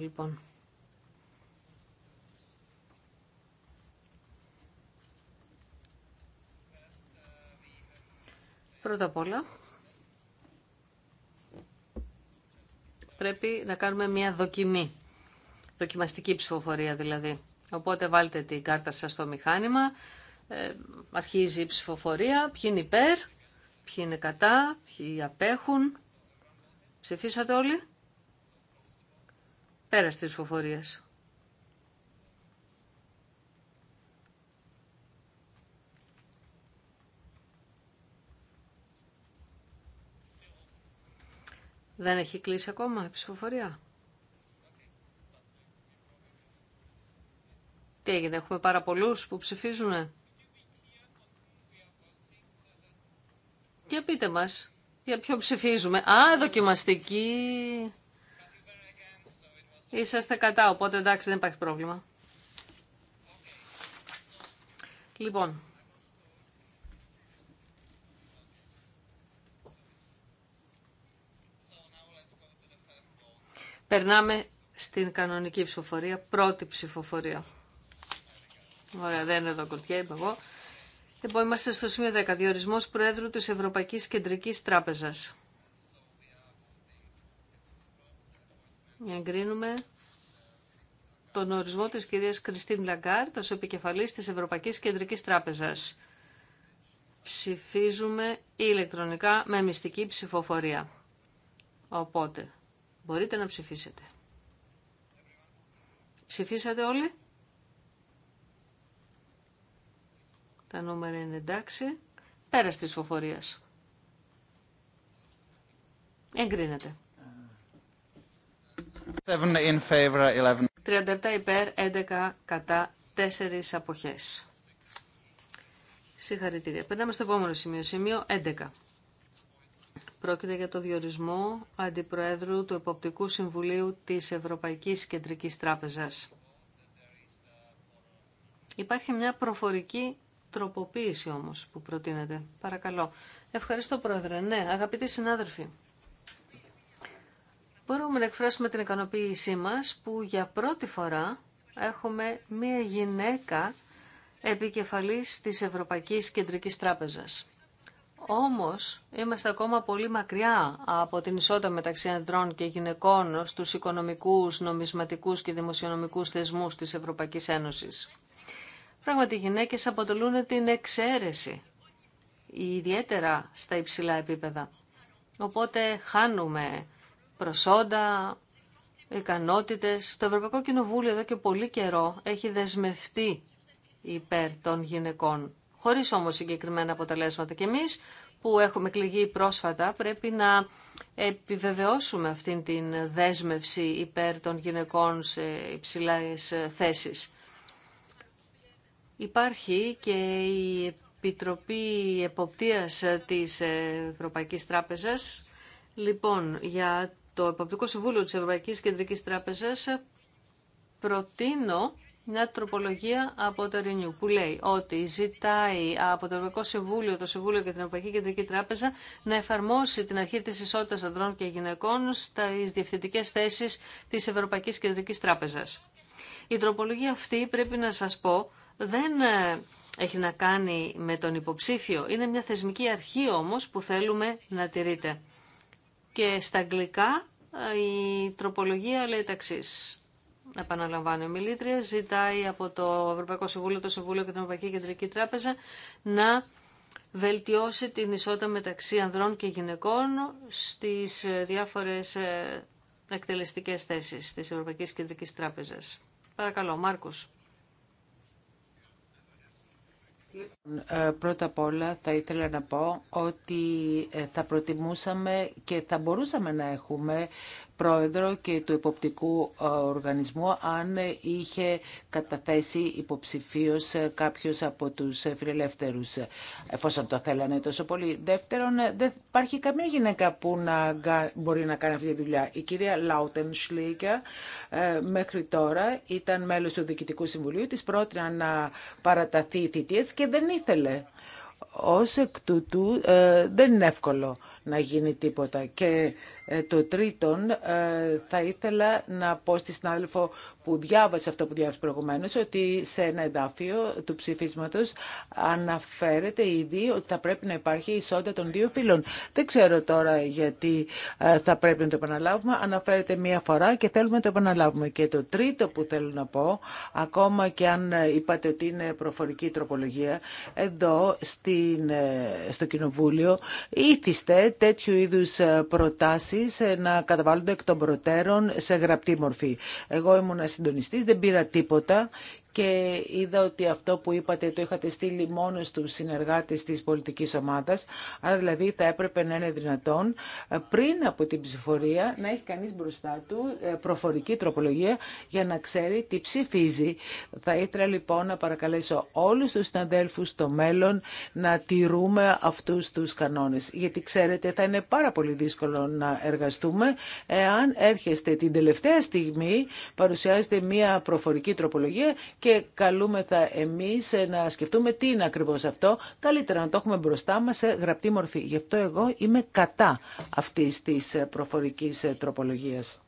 λοιπόν. Πρώτα απ' όλα, πρέπει να κάνουμε μια δοκιμή. Δοκιμαστική ψηφοφορία δηλαδή. Οπότε βάλτε την κάρτα σας στο μηχάνημα, ε, αρχίζει η ψηφοφορία, ποιοι είναι υπέρ, ποιοι είναι κατά, ποιοι απέχουν. Ψηφίσατε όλοι. Πέρα τη ψηφοφορία. Δεν έχει κλείσει ακόμα η ψηφοφορία. Τι έγινε, έχουμε πάρα πολλούς που ψηφίζουνε. Και πείτε μας, για ποιο ψηφίζουμε. Α, δοκιμαστική Είσαστε κατά, οπότε εντάξει δεν υπάρχει πρόβλημα. Λοιπόν. Περνάμε στην κανονική ψηφοφορία, πρώτη ψηφοφορία. Ωραία, δεν είναι εδώ κορτιά, είπα εγώ. Λοιπόν, είμαστε στο σημείο 10, διορισμός Πρόεδρου της Ευρωπαϊκής Κεντρικής Τράπεζας. εγκρίνουμε τον ορισμό της κυρίας Κριστίν Λαγκάρτ ως επικεφαλής της Ευρωπαϊκής Κεντρικής Τράπεζας. Ψηφίζουμε ηλεκτρονικά με μυστική ψηφοφορία. Οπότε, μπορείτε να ψηφίσετε. Ψηφίσατε όλοι. Τα νούμερα είναι εντάξει. Πέρα της ψηφοφορίας. Εγκρίνεται. 37 υπέρ, 11 κατά, 4 αποχές. Συγχαρητήρια. Περνάμε στο επόμενο σημείο, σημείο 11. Πρόκειται για το διορισμό Αντιπροέδρου του Εποπτικού Συμβουλίου της Ευρωπαϊκής Κεντρικής Τράπεζας. Υπάρχει μια προφορική τροποποίηση όμως που προτείνεται. Παρακαλώ. Ευχαριστώ Πρόεδρε. Ναι, αγαπητοί συνάδελφοι μπορούμε να εκφράσουμε την ικανοποίησή μας που για πρώτη φορά έχουμε μία γυναίκα επικεφαλής της Ευρωπαϊκής Κεντρικής Τράπεζας. Όμως είμαστε ακόμα πολύ μακριά από την ισότητα μεταξύ ανδρών και γυναικών στους οικονομικούς, νομισματικούς και δημοσιονομικούς θεσμούς της Ευρωπαϊκής Ένωσης. Πράγματι, οι γυναίκες αποτελούν την εξαίρεση, ιδιαίτερα στα υψηλά επίπεδα. Οπότε χάνουμε προσόντα, ικανότητες. Το Ευρωπαϊκό Κοινοβούλιο εδώ και πολύ καιρό έχει δεσμευτεί υπέρ των γυναικών, χωρίς όμως συγκεκριμένα αποτελέσματα. Και εμείς που έχουμε κληγεί πρόσφατα πρέπει να επιβεβαιώσουμε αυτήν την δέσμευση υπέρ των γυναικών σε υψηλές θέσεις. Υπάρχει και η Επιτροπή Εποπτείας της Ευρωπαϊκής Τράπεζας. Λοιπόν, για το Εποπτικό Συμβούλιο της Ευρωπαϊκής Κεντρικής Τράπεζας προτείνω μια τροπολογία από το Renew που λέει ότι ζητάει από το Ευρωπαϊκό Συμβούλιο, το Συμβούλιο και την Ευρωπαϊκή Κεντρική Τράπεζα να εφαρμόσει την αρχή της ισότητας ανδρών και γυναικών στις διευθυντικές θέσεις της Ευρωπαϊκής Κεντρικής Τράπεζας. Η τροπολογία αυτή πρέπει να σας πω δεν ε, έχει να κάνει με τον υποψήφιο. Είναι μια θεσμική αρχή όμως που θέλουμε να τηρείται. Και στα αγγλικά ε, η τροπολογία λέει τα εξής. Επαναλαμβάνω, η Μιλήτρια ζητάει από το Ευρωπαϊκό Συμβούλιο, το Συμβούλιο και την Ευρωπαϊκή Κεντρική Τράπεζα να βελτιώσει την ισότητα μεταξύ ανδρών και γυναικών στις ε, διάφορες ε, εκτελεστικές θέσεις της Ευρωπαϊκής Κεντρικής Τράπεζας. Παρακαλώ, Μάρκος. Ε, πρώτα απ' όλα θα ήθελα να πω ότι ε, θα προτιμούσαμε και θα μπορούσαμε να έχουμε πρόεδρο και του υποπτικού ε, οργανισμού αν είχε καταθέσει υποψηφίως κάποιος από τους φιλελεύθερους εφόσον το θέλανε τόσο πολύ. Δεύτερον, δεν υπάρχει καμία γυναίκα που να μπορεί να κάνει αυτή τη δουλειά. Η κυρία Λάουτεν Σλίγκια μέχρι τώρα ήταν μέλος του Διοικητικού Συμβουλίου, της πρότεινα να παραταθεί η και δεν ήθελε. Ως εκ τούτου ε, δεν είναι εύκολο να γίνει τίποτα. Και ε, το τρίτον, ε, θα ήθελα να πω στη συνάδελφο που διάβασε αυτό που διάβασε προηγουμένως, ότι σε ένα εδάφιο του ψηφίσματος αναφέρεται ήδη ότι θα πρέπει να υπάρχει ισότητα των δύο φύλων. Δεν ξέρω τώρα γιατί ε, θα πρέπει να το επαναλάβουμε. Αναφέρεται μία φορά και θέλουμε να το επαναλάβουμε. Και το τρίτο που θέλω να πω, ακόμα και αν είπατε ότι είναι προφορική τροπολογία, εδώ στο Κοινοβούλιο ήθιστε τέτοιου είδους ε, προτάσεις ε, να καταβάλλονται εκ των προτέρων σε γραπτή μορφή. Εγώ ήμουν συντονιστή, δεν πήρα τίποτα και είδα ότι αυτό που είπατε το είχατε στείλει μόνο στους συνεργάτες της πολιτικής ομάδας, άρα δηλαδή θα έπρεπε να είναι δυνατόν ε, πριν από την ψηφορία να έχει κανείς μπροστά του ε, προφορική τροπολογία για να ξέρει τι ψηφίζει. Θα ήθελα λοιπόν να παρακαλέσω όλους τους συναδέλφους στο μέλλον να τηρούμε αυτούς τους κανόνες, γιατί ξέρετε θα είναι πάρα πολύ δύσκολο να εργαστούμε εάν έρχεστε την τελευταία στιγμή, παρουσιάζετε μία προφορική τροπολογία και καλούμεθα εμείς να σκεφτούμε τι είναι ακριβώς αυτό. Καλύτερα να το έχουμε μπροστά μας σε γραπτή μορφή. Γι' αυτό εγώ είμαι κατά αυτής της προφορικής τροπολογίας.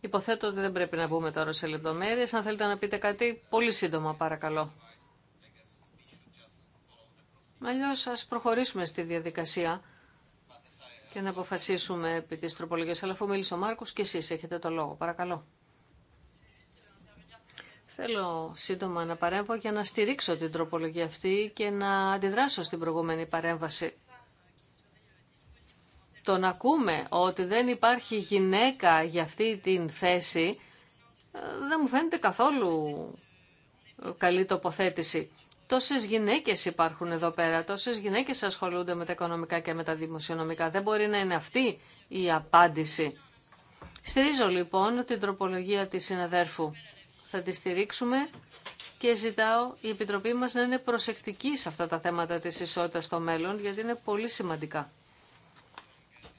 Υποθέτω ότι δεν πρέπει να μπούμε τώρα σε λεπτομέρειες. Αν θέλετε να πείτε κάτι, πολύ σύντομα παρακαλώ. Αλλιώ ας προχωρήσουμε στη διαδικασία και να αποφασίσουμε επί τη τροπολογία. Αλλά αφού μίλησε ο Μάρκο και εσεί έχετε το λόγο. Παρακαλώ. Θέλω σύντομα να παρέμβω για να στηρίξω την τροπολογία αυτή και να αντιδράσω στην προηγούμενη παρέμβαση. Το να ακούμε ότι δεν υπάρχει γυναίκα για αυτή την θέση ε, δεν μου φαίνεται καθόλου καλή τοποθέτηση. Τόσες γυναίκες υπάρχουν εδώ πέρα, τόσες γυναίκες ασχολούνται με τα οικονομικά και με τα δημοσιονομικά. Δεν μπορεί να είναι αυτή η απάντηση. Στηρίζω λοιπόν την τροπολογία της συναδέρφου θα τη στηρίξουμε και ζητάω η Επιτροπή μας να είναι προσεκτική σε αυτά τα θέματα της ισότητας στο μέλλον, γιατί είναι πολύ σημαντικά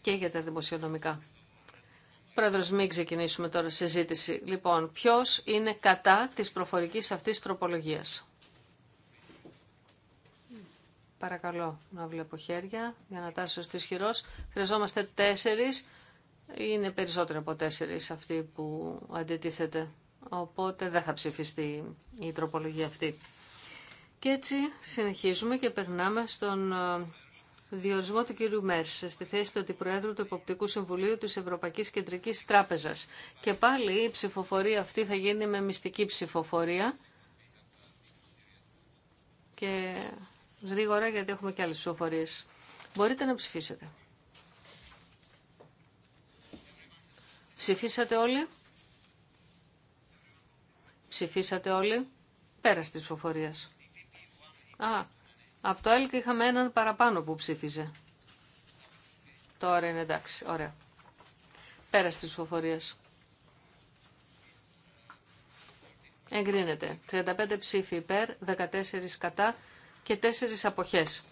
και για τα δημοσιονομικά. Πρόεδρος, μην ξεκινήσουμε τώρα συζήτηση. Λοιπόν, ποιος είναι κατά της προφορικής αυτής τροπολογίας. Παρακαλώ να βλέπω χέρια, για να τάσω στις χειρός. Χρειαζόμαστε τέσσερις, είναι περισσότερο από τέσσερις αυτοί που αντιτίθεται. Οπότε δεν θα ψηφιστεί η τροπολογία αυτή. Και έτσι συνεχίζουμε και περνάμε στον ε, διορισμό του κύριου Μέρς στη θέση του Αντιπροέδρου του Εποπτικού Συμβουλίου της Ευρωπαϊκής Κεντρικής Τράπεζας. Και πάλι η ψηφοφορία αυτή θα γίνει με μυστική ψηφοφορία. Και γρήγορα γιατί έχουμε και άλλες ψηφοφορίες. Μπορείτε να ψηφίσετε. Ψηφίσατε όλοι. Ψηφίσατε όλοι. Πέρα τη φοφορία. Α, από το ΕΛΚ είχαμε έναν παραπάνω που ψήφιζε. Τώρα είναι εντάξει, ωραία. Πέρα τη ψηφοφορία. Εγκρίνεται. 35 ψήφοι υπέρ, 14 κατά και 4 αποχές.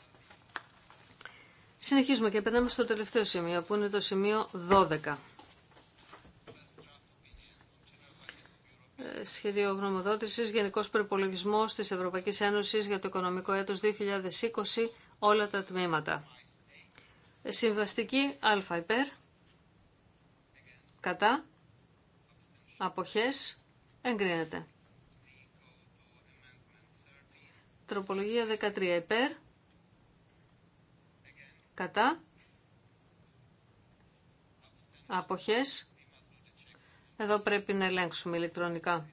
Συνεχίζουμε και περνάμε στο τελευταίο σημείο, που είναι το σημείο 12. σχέδιο γνωμοδότηση Γενικός προπολογισμό τη Ευρωπαϊκή Ένωση για το οικονομικό έτος 2020 όλα τα τμήματα. Συμβαστική α υπέρ, κατά, αποχές, εγκρίνεται. Τροπολογία 13 υπέρ, κατά, αποχές, εδώ πρέπει να ελέγξουμε ηλεκτρονικά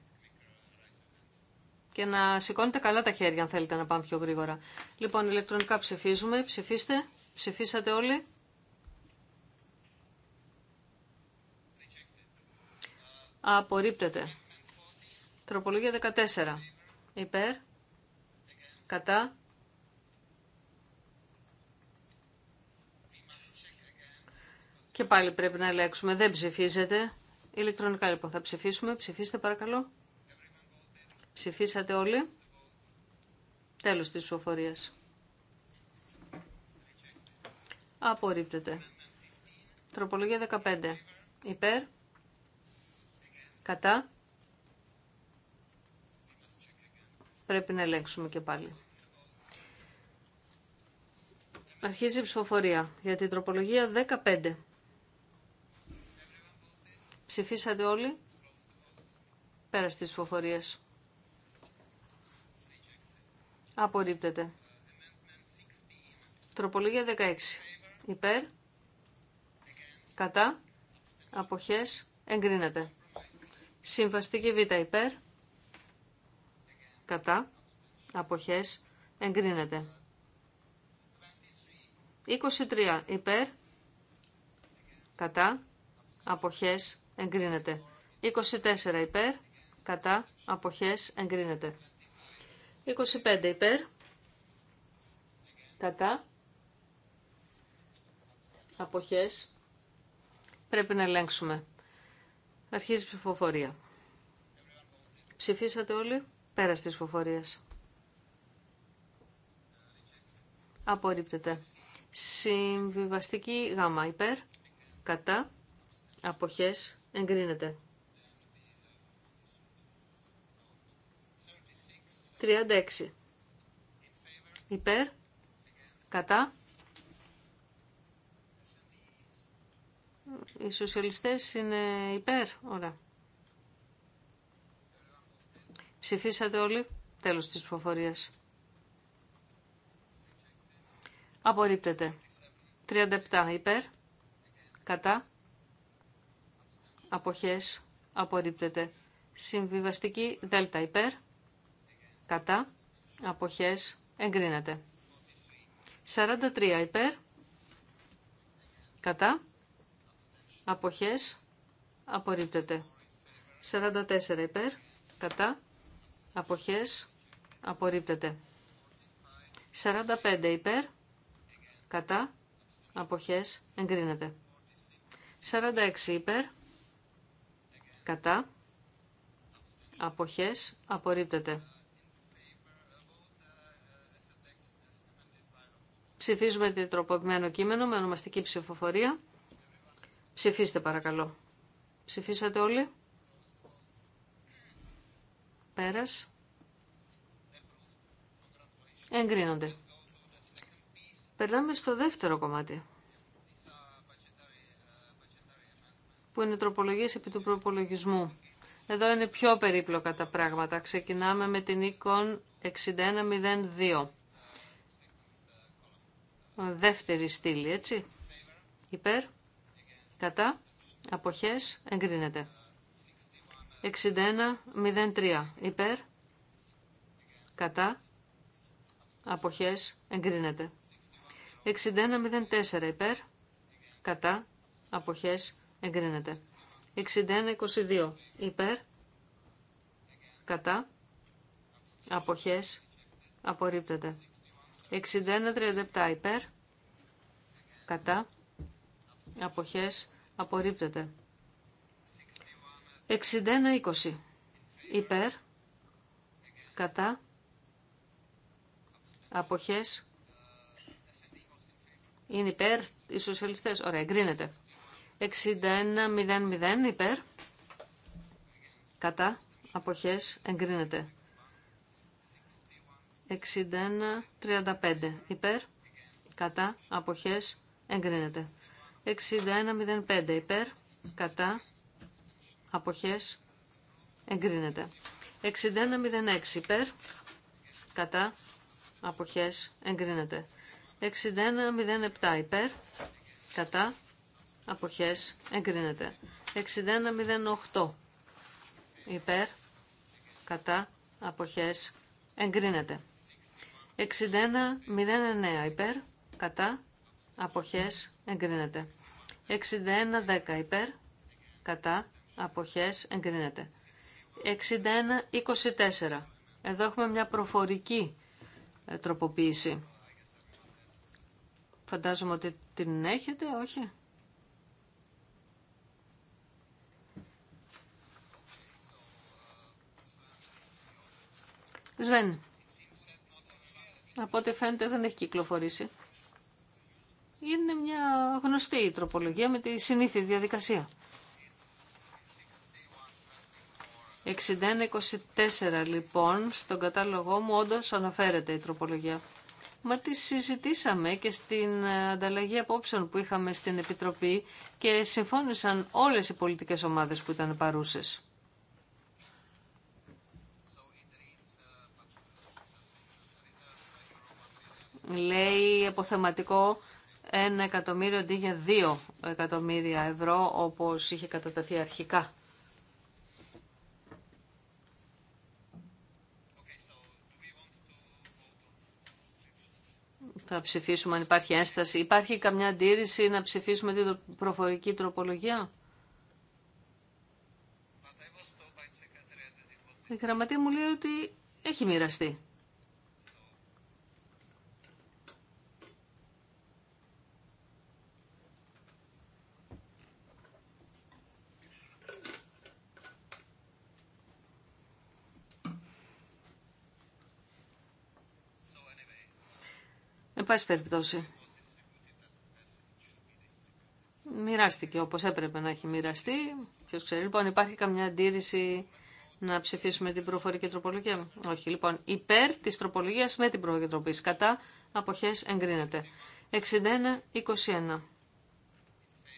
και να σηκώνετε καλά τα χέρια αν θέλετε να πάμε πιο γρήγορα. Λοιπόν, ηλεκτρονικά ψηφίζουμε. Ψηφίστε. Ψηφίσατε όλοι. Απορρίπτεται. Τροπολογία 14. Υπέρ. Κατά. Και πάλι πρέπει να ελέγξουμε. Δεν ψηφίζετε; Ηλεκτρονικά λοιπόν θα ψηφίσουμε. Ψηφίστε παρακαλώ. Ψηφίσατε όλοι. Τέλος της ψηφοφορίας. Απορρίπτεται. Τροπολογία 15. Υπέρ. Κατά. Πρέπει να ελέγξουμε και πάλι. Αρχίζει η ψηφοφορία για την τροπολογία 15. Ψηφίσατε όλοι. Πέρα στις ψηφοφορίες. Απορρίπτεται. Τροπολογία 16. Υπέρ. Κατά. Αποχές. Εγκρίνεται. Συμβαστική Β υπέρ. Κατά. Αποχές. Εγκρίνεται. 23 υπέρ. Κατά. Αποχές. Εγκρίνεται. 24 υπέρ. Κατά. Αποχές. Εγκρίνεται. 25 υπέρ. Κατά. Αποχές. Πρέπει να ελέγξουμε. Αρχίζει η ψηφοφορία. Ψηφίσατε όλοι πέρα της ψηφοφορίας. Απορρίπτεται. Συμβιβαστική γάμα υπέρ. Κατά. Αποχές. Εγκρίνεται. 36. Υπέρ. Κατά. Οι σοσιαλιστές είναι υπέρ. Ωραία. Ψηφίσατε όλοι. Τέλος της ψηφοφορίας. Απορρίπτεται. 37 υπέρ. Κατά. Αποχές. Απορρίπτεται. Συμβιβαστική δέλτα υπέρ κατά, αποχές, εγκρίνεται. 43 υπέρ, κατά, αποχές, απορρίπτεται. 44 υπέρ, κατά, αποχές, απορρίπτεται. 45 υπέρ, κατά, αποχές, εγκρίνεται. 46 υπέρ, κατά, αποχές, απορρίπτεται. Ψηφίζουμε το τροποποιημένο κείμενο με ονομαστική ψηφοφορία. Ψηφίστε παρακαλώ. Ψηφίσατε όλοι. Πέρας. Εγκρίνονται. Περνάμε στο δεύτερο κομμάτι. Που είναι τροπολογίες επί του προπολογισμού. Εδώ είναι πιο περίπλοκα τα πράγματα. Ξεκινάμε με την οίκον 6102 δεύτερη στήλη, έτσι. Υπέρ, κατά, αποχές, εγκρίνεται. εγκρίνεται. 61.03. Υπέρ, κατά, αποχές, εγκρίνεται. 61.04. Υπέρ, κατά, αποχές, εγκρίνεται. εγκρίνεται. 61-22, Υπέρ, κατά, αποχές, απορρίπτεται. 61-37 υπέρ, κατά, αποχές, απορρίπτεται. 61-20 υπέρ, κατά, αποχές, είναι υπέρ οι σοσιαλιστές, ωραία, εγκρίνεται. 61-00 υπέρ, κατά, αποχές, εγκρίνεται. 61-35 υπέρ, κατά, αποχές, εγκρίνεται. 61-05 υπέρ, κατά, αποχές, εγκρίνεται. 61-06 υπέρ, κατά, αποχές, εγκρίνεται. 61-07 υπέρ, κατά, αποχές, εγκρίνεται. 61-08 υπέρ, κατά, αποχές, εγκρίνεται. 61-09 υπέρ, κατά, αποχές, εγκρίνεται. 61-10 υπέρ, κατά, αποχές, εγκρίνεται. 61-24. Εδώ έχουμε μια προφορική ε, τροποποίηση. Φαντάζομαι ότι την έχετε, όχι. Σβέν, από ό,τι φαίνεται δεν έχει κυκλοφορήσει. Είναι μια γνωστή η τροπολογία με τη συνήθη διαδικασία. 61-24 λοιπόν στον κατάλογό μου όντω αναφέρεται η τροπολογία. Μα τη συζητήσαμε και στην ανταλλαγή απόψεων που είχαμε στην Επιτροπή και συμφώνησαν όλες οι πολιτικές ομάδες που ήταν παρούσες. λέει αποθεματικό 1 εκατομμύριο αντί για 2 εκατομμύρια ευρώ όπως είχε κατατεθεί αρχικά. Θα ψηφίσουμε αν υπάρχει ένσταση. Υπάρχει καμιά αντίρρηση να ψηφίσουμε την προφορική τροπολογία. Η γραμματεία μου λέει ότι έχει μοιραστεί. πάση περιπτώσει, μοιράστηκε όπως έπρεπε να έχει μοιραστεί. Ποιος ξέρει, λοιπόν, υπάρχει καμιά αντίρρηση να ψηφίσουμε την προφορική τροπολογία. Όχι, λοιπόν, υπέρ της τροπολογίας με την προφορική τροπή. Κατά, αποχές εγκρίνεται. 61-21.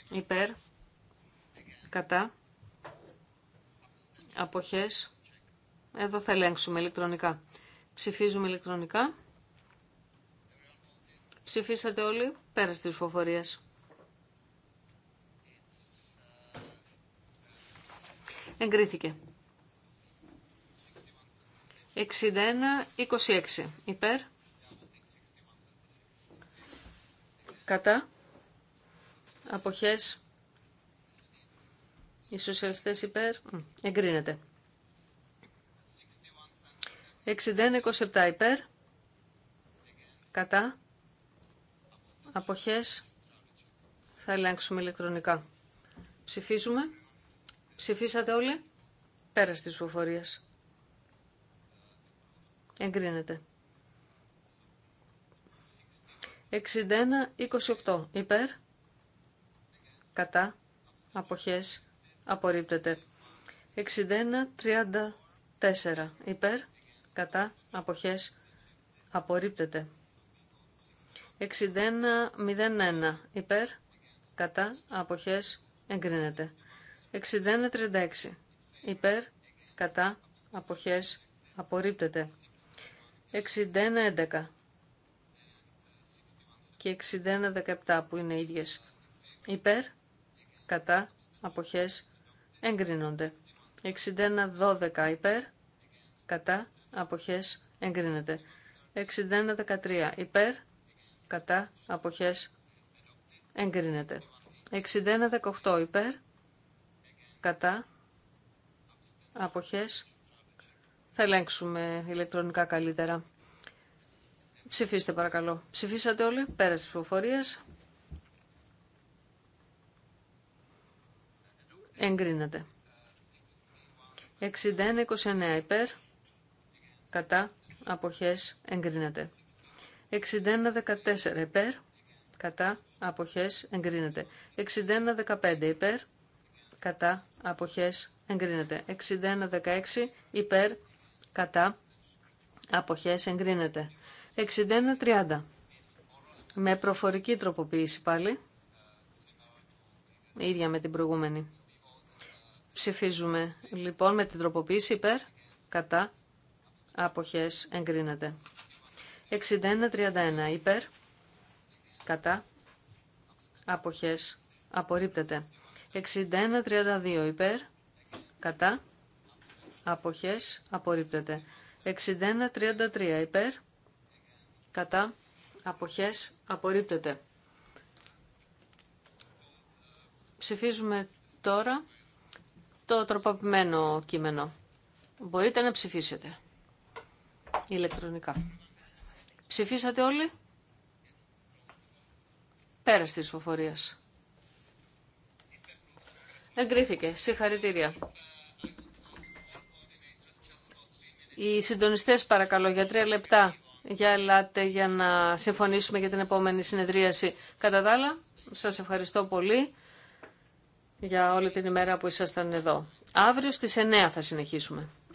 Υπέρ, κατά, αποχές. Εδώ θα ελέγξουμε ηλεκτρονικά. Ψηφίζουμε ηλεκτρονικά. Ψηφίσατε όλοι πέρα τη ψηφοφορία. Εγκρίθηκε. 61-26. Υπέρ. Κατά. Αποχές. Οι σοσιαλιστές υπέρ. Εγκρίνεται. 61-27 υπέρ. Κατά αποχές θα ελέγξουμε ηλεκτρονικά. Ψηφίζουμε. Ψηφίσατε όλοι. Πέρα στις ψηφοφορίες. Εγκρίνεται. 61-28. Υπέρ. Κατά. Αποχές. Απορρίπτεται. 61-34. Υπέρ. Κατά. Αποχές. Απορρίπτεται. 61.01 υπέρ, κατά, αποχές, εγκρίνεται. 61.36 υπέρ, κατά, αποχές, απορρίπτεται. 61.11 και 61.17 που είναι ίδιες. Υπέρ, κατά, αποχές, εγκρίνονται. 61.12 υπέρ, κατά, αποχές, εγκρίνεται. 61.13 υπέρ, κατά, αποχές, εγκρίνεται. 61-18 υπέρ, κατά, αποχές, θα ελέγξουμε ηλεκτρονικά καλύτερα. Ψηφίστε παρακαλώ. Ψηφίσατε όλοι, πέρα στις προφορίες. Εγκρίνεται. 61-29 υπέρ, κατά, αποχές, εγκρίνεται. 61-14 υπέρ, κατά, αποχές, εγκρίνεται. 61-15 υπέρ, κατά, αποχές, εγκρίνεται. 61-16 υπέρ, κατά, αποχές, εγκρίνεται. 61-30 με προφορική τροποποίηση πάλι, ίδια με την προηγούμενη. Ψηφίζουμε λοιπόν με την τροποποίηση υπέρ, κατά, αποχές, εγκρίνεται. 61-31 υπέρ, κατά, αποχές, απορρίπτεται. 61-32 υπέρ, κατά, αποχές, απορρίπτεται. 61-33 υπέρ, κατά, αποχές, απορρίπτεται. Ψηφίζουμε τώρα το τροποποιημένο κείμενο. Μπορείτε να ψηφίσετε ηλεκτρονικά. Ψηφίσατε όλοι. Πέρασε τη ψηφοφορία. Εγκρίθηκε. Συγχαρητήρια. Οι συντονιστές παρακαλώ για τρία λεπτά. Για ελάτε για να συμφωνήσουμε για την επόμενη συνεδρίαση. Κατά τα άλλα, σας ευχαριστώ πολύ για όλη την ημέρα που ήσασταν εδώ. Αύριο στις 9 θα συνεχίσουμε.